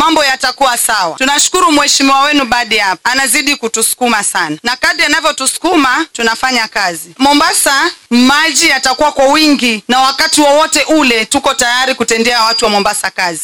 mambo yatakuwa sawa. Tunashukuru mheshimiwa wenu Badi hapa anazidi kutusukuma sana, na kadri anavyotusukuma tunafanya kazi. Mombasa maji yatakuwa kwa wingi, na wakati wowote wa ule tuko tayari kutendea watu wa Mombasa kazi.